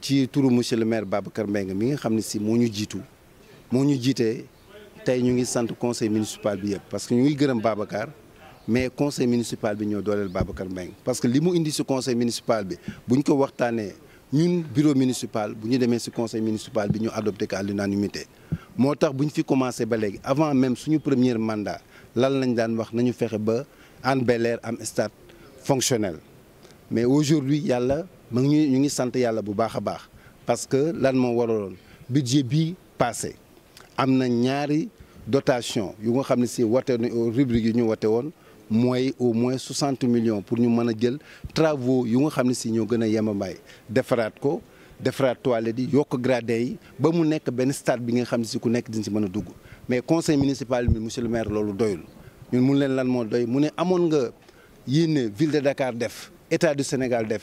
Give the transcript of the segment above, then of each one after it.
ci turu monsieur le maire Babacar Mbeng mi nga xam ne si moo ñu jiitu moo ñu ñu ngi sante conseil municipal bi yépp parce que ñu ngi gërëm Babacar mais conseil municipal bi ñoo dolel Babacar Mbeng parce que limu indi ce conseil municipal bi buñ ko waxtané ñun bureau municipal buñu démé ce conseil municipal bi ñu adopté ka l'unanimité motax buñ fi commencé ba légui avant même suñu premier mandat lan lañ daan wax nañu fexé ba Hann Bel-Air am stade fonctionnel mais aujourd'hui yalla mu ngi ñu ngi sant yàlla bu baax parce que lan moo waraloon budget bi passé amna ñaari dotation yu nga xam ci si wate rubrique ñu wate won moy au moins 60 millions pour ñu mëna jël travaux yu nga xam ne si ñoo gëna a yemambaay ko defaraat toilette yi yokk yi ba mu nekk ben stade bi nga xam ne si ku nekk dina ci mëna dugg mais conseil municipal bi monsieur le maire loolu doyul ñun mun leen lan mo doy mu ne amoon nga yéene ville de Dakar def état du Sénégal def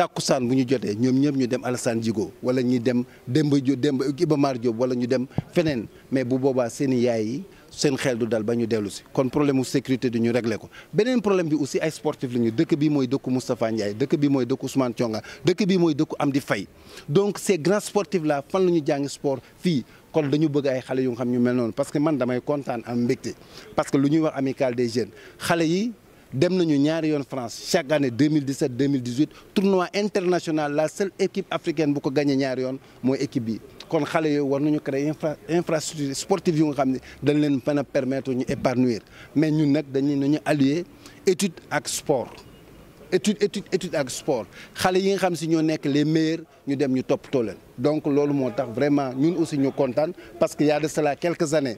tàkkusaan bu ñu jotee ñoom ñëpp ñu dem Alassane Djigo wala ñu dem Demba Diop Demba Iba ñu dem feneen mais bu boobaa seen yaay yi seen xel du dal ba ñu dellu si kon problème mu sécurité du ñu réglé ko beneen problème bi aussi ay sportif la ñu dëkk bi mooy dëkku Moustapha Ndiaye dëkk bi mooy dëkku Ousmane Thionga dëkk bi mooy dëkku Amdi Faye donc ces grands sportifs là fan la ñu jàngi sport fii kon dañu bëgg ay xale yu nga xam ñu mel noonu parce que man damay dem nañu France chaque année 2017 2018 tournoi international la seule équipe africaine qui ko gagné ñaari yoon moy équipe bi kon créer infrastructure sportive yu nga permet dañ leen permettre ñu épanouir mais nous sommes dañ ñu allier étude ak sport études, études étude le sport Les yi nga xam les meilleurs nous dem ñu top donc loolu vraiment ñun aussi ñu parce qu'il y a de cela quelques années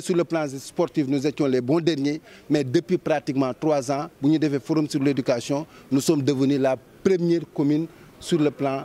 sur le plan sportif nous étions les bons derniers mais depuis pratiquement trois ans nous faire le forum sur l'éducation nous sommes devenus la première commune sur le plan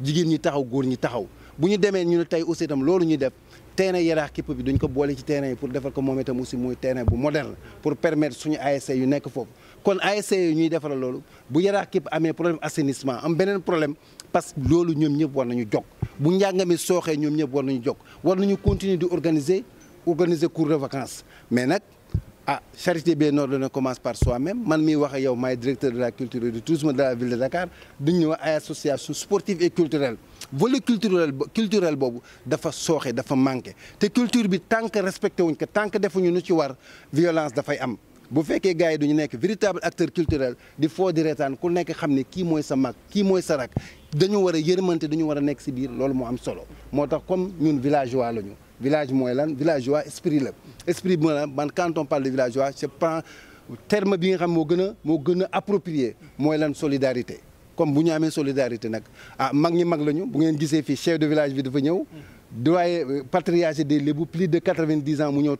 jigéen ñi taxaw goor ñi taxaw buñu démé ñu ne tey aussi tam lolu ñu def terrain yaraax képp bi duñ ko bolé ci terrain yi pour defar ko momé tam aussi moy terrain bu moderne pour permettre suñu ASC yu nekk fofu kon ASC yu ñuy defaral lolu bu yaraax képp amé problème assainissement am beneen problème parce que loolu ñoom ñëpp war nañu jog bu njàng soxé ñom ñoom ñëpp war nañu jog war nañu continuer di organiser organiser cours de vacances mais nak ah charité bien ne commence par soi-même man miy wax ak yow maay directeur de la culture et du tourisme de la ville de Dakar duñ ñëw ay association sportive et culturelle volet culturel culturel boobu dafa sooxe dafa manqué te culture bi tant que respecté wuñ ko tant que defuñu nu ci war violence dafay am bu fekkee gars yi duñu nekk véritable acteur culturel di foo di reetaan ku nekk xam ne kii mooy sa mag kii mooy sa rak dañu war a yërmante dañu war a nekk si biir loolu moo am solo moo tax comme ñun villageois lañu village Moylan, villageois esprit esprit quand on parle de villageois c'est le terme bi nga xam approprié solidarité comme bu solidarité n'ak ah mag ñi mag lañu chef de village bi dafa doyen euh, patriarche plus de 90 ans mu ñëw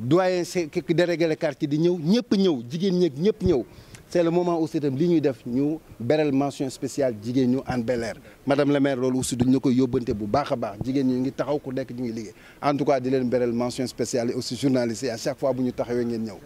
le quartier de ñëw nous ñëw les c'est le moment aussi c'est une ligne def ñu beral mention spéciale jigéen ñu en Bel Air madame la maire aussi duñ nous ko yobente bu baax a baax jigéen ñi ngi taxaw ku nekk en tout cas di leen beral mention spéciale aussi journalistes à chaque fois bu ñu taxawee ngeen